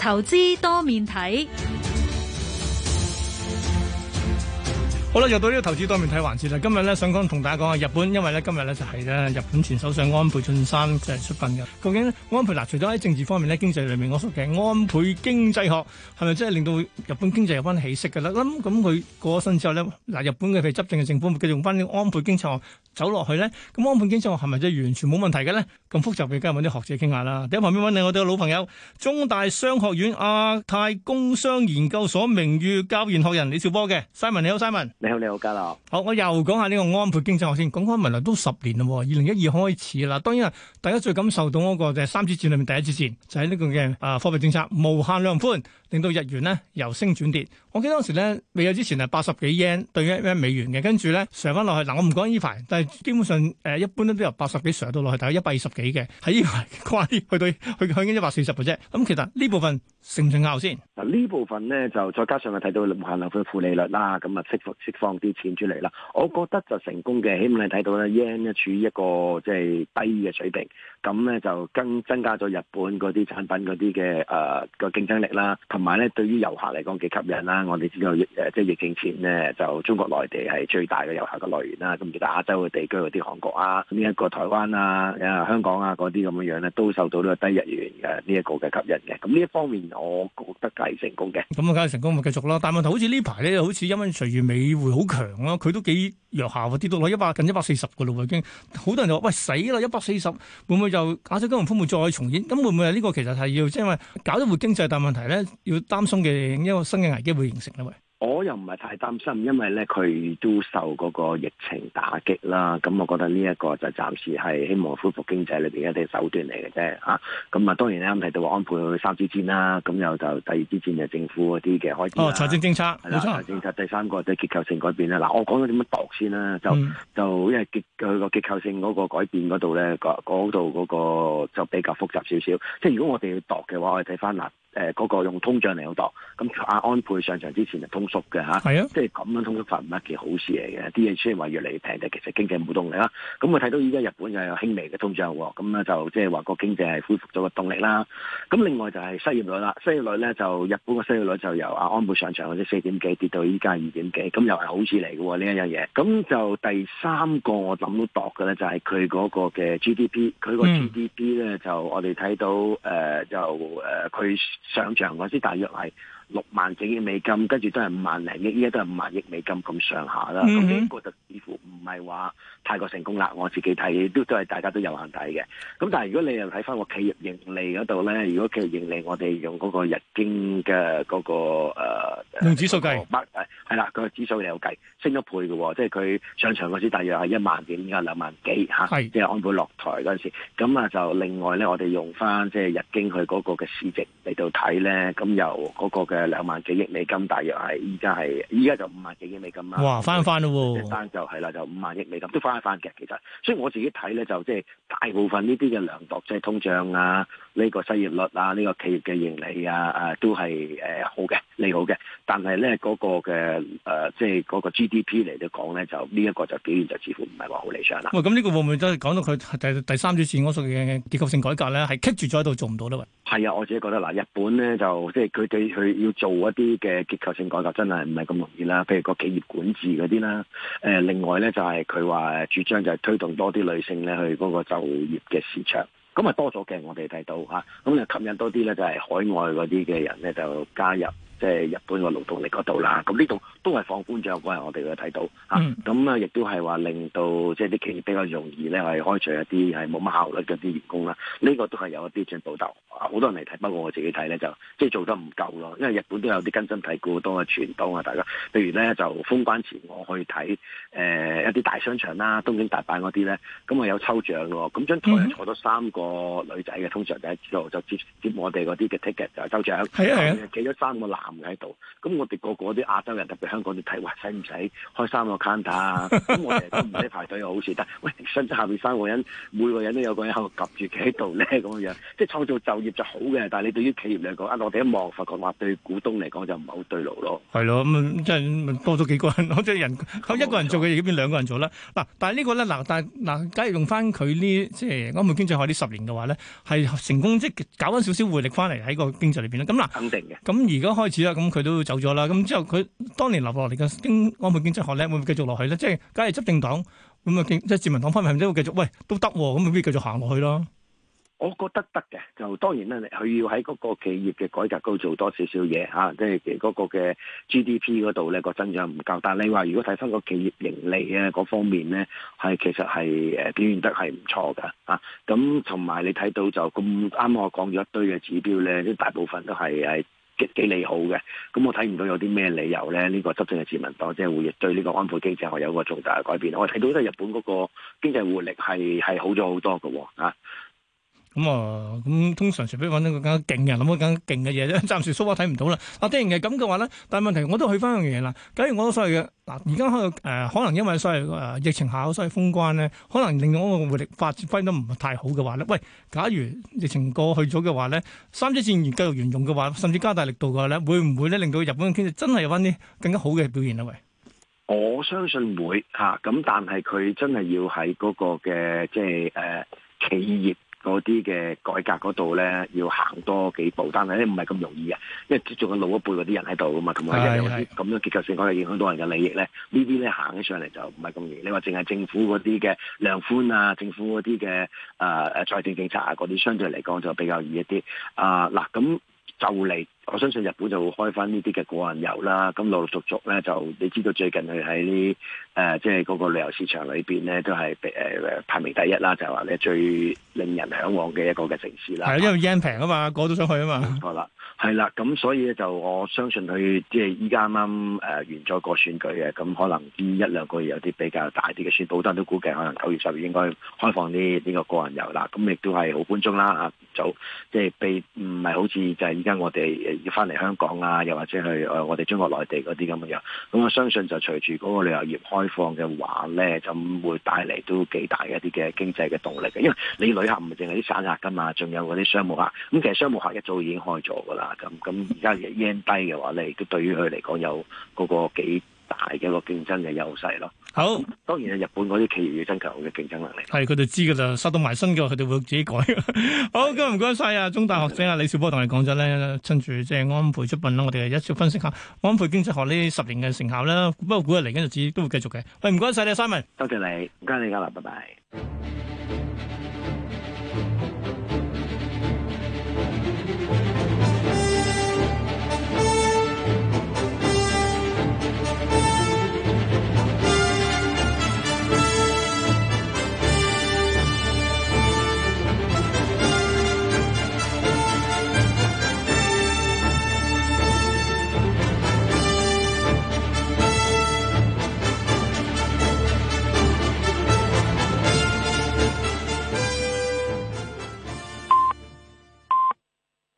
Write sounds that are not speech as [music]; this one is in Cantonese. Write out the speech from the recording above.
投資多面睇。好啦，又到呢個投資多面睇環節啦。今日咧想講同大家講下日本因為咧今日咧就係、是、咧日本前首相安倍晉三即係出殯嘅。究竟呢安倍嗱、啊，除咗喺政治方面咧，經濟裏面我熟嘅安倍經濟學係咪真係令到日本經濟有翻起色嘅咧？咁咁佢過咗身之後咧，嗱、啊、日本嘅執政嘅政府繼續用返呢個安倍經濟學走落去咧，咁安倍經濟學係咪真係完全冇問題嘅咧？咁複雜嘅梗係揾啲學者傾下啦。第一旁邊揾你我哋嘅老朋友中大商學院亞太工商研究所名譽教研學人李兆波嘅。Simon 你好，Simon。你好，你好，家樂。好，我又講下呢個安倍經濟學先，講開未來都十年喎，二零一二開始啦。當然，大家最感受到嗰個就係三支箭裏面第一支箭，就喺、是、呢、這個嘅啊貨幣政策無限量寬，令到日元呢由升轉跌。我記得當時咧未有之前係八十幾 yen 對於兌一美元嘅，跟住咧上翻落去。嗱，我唔講呢排，但係基本上誒、呃，一般都都由八十幾上到落去，大概一百二十幾嘅，喺呢排乖啲，去到去去經一百四十嘅啫。咁、嗯、其實呢部分。成唔成功先？嗱呢部分咧就再加上我睇到無限量寬負利率啦，咁啊釋放釋放啲錢出嚟啦。我覺得就成功嘅，起碼你睇到咧 yen 咧處於一個即係低嘅水平，咁咧就更增加咗日本嗰啲產品嗰啲嘅誒個競爭力啦，同埋咧對於遊客嚟講幾吸引啦。我哋知道誒即係疫情前咧就中國內地係最大嘅遊客嘅來源啦，咁其實亞洲嘅地區嗰啲韓國啊，呢一個台灣啊、啊香港啊嗰啲咁樣樣咧都受到呢個低日元嘅呢一個嘅吸引嘅。咁呢一方面。我覺得梗係成功嘅，咁啊梗係成功咪繼續咯。但係問題好似呢排咧，好似因為隨住美匯會好強咯，啊，佢都幾弱下喎。跌到落一百近一百四十個度咯，已經好多人就話：喂死啦！一百四十會唔會就亞洲金融風暴再重演？咁會唔會呢個其實係要即、就係、因為搞到冇經濟，大問題咧要擔心嘅一個新嘅危機會形成啦喂。我又唔係太擔心，因為咧佢都受嗰個疫情打擊啦。咁、嗯、我覺得呢一個就暫時係希望恢復經濟裏邊一啲手段嚟嘅啫嚇。咁啊、嗯、當然咧啱提到安倍三支箭啦，咁、嗯、又就第二支箭就政府嗰啲嘅開支、啊、哦，財政政策，財政政策第三個即係結構性改變啦。嗱，我講咗點樣度先啦，就、嗯、就因為結佢個結構性嗰個改變嗰度咧，嗰度嗰個就比較複雜少少。即係如果我哋要度嘅話，我哋睇翻嗱。誒、呃、嗰、那個用通脹嚟度多，咁阿安倍上場之前就通縮嘅嚇，係啊，啊，即係咁樣通縮法唔係一件好事嚟嘅。啲人雖然話越嚟越平，但其實經濟冇動力啦。咁我睇到依家日本又有輕微嘅通脹喎，咁咧就即係話個經濟係恢復咗個動力啦。咁另外就係失業率啦，失業率咧就日本嘅失業率就由阿安倍上場嗰陣四點幾跌到依家二點幾，咁又係好事嚟嘅呢一樣嘢。咁、這個、就第三個我諗到度嘅咧就係佢嗰個嘅 GDP，佢個 GDP 咧、嗯、就我哋睇到誒、呃、就誒佢。呃呃上場陣時大約係六萬幾億美金，跟住都係五萬零億，依家都係五萬億美金咁上下啦。咁呢個就幾乎。唔係話太過成功啦，我自己睇都都係大家都有限睇嘅。咁但係如果你又睇翻個企業盈利嗰度咧，如果企業盈利，我哋用嗰個日經嘅嗰、嗰個指數計，係、那、啦、個，個指數又有計升咗倍嘅，即係佢上場嗰時大約係一萬幾，而家兩萬幾嚇，即係、啊就係、安倍落台嗰陣時。咁啊就另外咧，我哋用翻即係日經佢嗰個嘅市值嚟到睇咧，咁由嗰個嘅兩萬幾億美金，大約係依家係依家就五萬幾億美金啦。哇！翻翻咯喎，即係單就係啦就。五萬億美金都翻一翻嘅，其實，所以我自己睇咧就即係大部分呢啲嘅量度，即係通脹啊，呢、這個失業率啊，呢、這個企業嘅盈利啊，都係、呃、好嘅，利好嘅。但係咧嗰個嘅、呃、即係嗰、那個 GDP 嚟到講咧，就呢一、這個就表現就似乎唔係話好理想啦。喂，咁、嗯、呢、這個會唔會真係講到佢第第三枝箭嗰類嘅結構性改革咧，係 keep 住咗喺度做唔到咧？係啊，我自己覺得嗱，日本咧就即係佢對佢要做一啲嘅結構性改革，真係唔係咁容易啦。譬如個企業管治嗰啲啦，另外咧就。但係佢話主張就係推動多啲女性咧去嗰個就業嘅市場，咁啊多咗嘅，我哋睇到嚇，咁就吸引多啲咧，就係海外嗰啲嘅人咧就加入。即、就、係、是、日本個勞動力嗰度啦，咁呢度都係放觀賞，嗰日我哋會睇到嚇。咁、嗯、啊，亦都係話令到即係啲企業比較容易咧係開除一啲係冇乜效率嘅啲員工啦。呢、這個都係有一啲嘅報道，好多人嚟睇。不過我自己睇咧就即係、就是、做得唔夠咯，因為日本都有啲根深蒂固嘅傳統啊大家。譬如咧就封關前我去睇誒、呃、一啲大商場啦，東京大阪嗰啲咧，咁啊有抽獎喎。咁張台坐咗三個女仔嘅、嗯，通常就做就接接我哋嗰啲嘅 ticket 就抽獎。係啊，企咗三個男，喺度，咁、 [music] [music] 嗯、我哋個個啲亞洲人，特別香港你睇，哇，使唔使開三個 account 啊？咁 [laughs] 我哋都唔使排隊又好似得。喂，身側下邊三個人，每個人都有個人喺度夾住企喺度咧，咁樣樣，即係創造就業就好嘅。但係你對於企業嚟講，啊，我哋一望，發覺話對股東嚟講就唔係好對路咯。係咯，咁、嗯、即係多咗幾個人，即係人，靠一個人做嘅嘢變兩個人做啦。嗱，但係、這、呢個咧，嗱，但係嗱，假如用翻佢呢，即係安倍經濟學呢十年嘅話咧，係成功即係搞翻少少活力翻嚟喺個經濟裏邊咧。咁嗱，肯定嘅。咁而家開始。咁佢都走咗啦。咁之後佢當年留落嚟嘅經安倍經濟學叻，會唔會繼續落去咧？即係梗係執政黨咁啊，即係自民黨方面，唔知會繼續喂都得，咁、欸、咪繼續行落去咯？我覺得得嘅，就當然啦，佢要喺嗰個企業嘅改革度做多少少嘢嚇，即係嗰個嘅 GDP 嗰度咧，個增長唔夠。但係你話如果睇翻個企業盈利咧，嗰方面咧，係其實係誒表現得係唔錯㗎啊。咁同埋你睇到就咁啱，我講咗一堆嘅指標咧，啲大部分都係係。幾幾利好嘅，咁我睇唔到有啲咩理由咧？呢、呢個執政嘅自民黨即係會對呢個安倍經濟學係有一個重大嘅改變。我睇到咧，日本嗰個經濟活力係好咗好多㗎喎、啊咁、嗯、啊，咁、嗯、通常除非揾到個更加勁嘅人，諗到更加勁嘅嘢啫。暫時 so far 睇唔到啦。嗱，當然係咁嘅話咧，但係問題我都去翻一樣嘢啦。假如我所謂嘅嗱，而家開到誒，可能因為所謂誒、呃、疫情下所以封關咧，可能令到我嘅活力發揮得唔太好嘅話咧。喂，假如疫情過去咗嘅話咧，三支箭繼續沿用嘅話，甚至加大力度嘅話咧，會唔會咧令到日本經濟真係有翻啲更加好嘅表現咧？喂，我相信會嚇，咁、啊、但係佢真係要喺嗰個嘅即係誒、呃、企業。啲嘅改革嗰度咧，要行多幾步，但係咧唔係咁容易嘅，因為仲有老一輩嗰啲人喺度啊嘛，咁啊，咁樣結構性可以影響到人嘅利益咧，呢啲咧行起上嚟就唔係咁易。你話淨係政府嗰啲嘅量寬啊，政府嗰啲嘅啊誒財政政策啊，嗰啲相對嚟講就比較易一啲。啊、呃，嗱咁。就嚟，我相信日本就會開翻呢啲嘅個人遊啦。咁陸陸續續咧就，你知道最近佢喺呢即係嗰個旅遊市場裏面咧，都係、呃、排名第一啦。就話呢，最令人嚮往嘅一個嘅城市啦。係、啊、因為 yen 平啊嘛，過、那、咗、個、想去啊嘛。好啦。係啦，咁所以咧就我相信佢即係依家啱啱完咗個選舉嘅，咁可能依一兩個月有啲比較大啲嘅選舉，好多人都估計可能九月、十月應該開放啲呢個個人遊啦。咁亦都係好觀眾啦，就即係被唔係好似就係依家我哋要翻嚟香港啦、啊、又或者係我哋中國內地嗰啲咁嘅樣。咁我相信就隨住嗰個旅遊業開放嘅話咧，就會帶嚟都幾大嘅一啲嘅經濟嘅動力嘅，因為你旅客唔係淨係啲散客㗎嘛，仲有嗰啲商務客。咁其實商務客一早已經開咗㗎啦。咁咁而家又掹低嘅話咧，亦都對於佢嚟講有嗰個幾大嘅一個競爭嘅優勢咯。好，當然啊，日本嗰啲企業要增強佢嘅競爭能力。係，佢哋知嘅就收到埋新嘅，佢哋會自己改。 [laughs] 好，咁唔該晒啊，中大學者啊，李兆波同你講咗咧，趁住即係安倍出殯啦，我哋一齊分析下安倍經濟學呢十年嘅成效啦。不過股嚟緊就只都會繼續嘅。喂，唔該晒你，Simon 多謝你，唔該你噶啦，拜拜。 [music]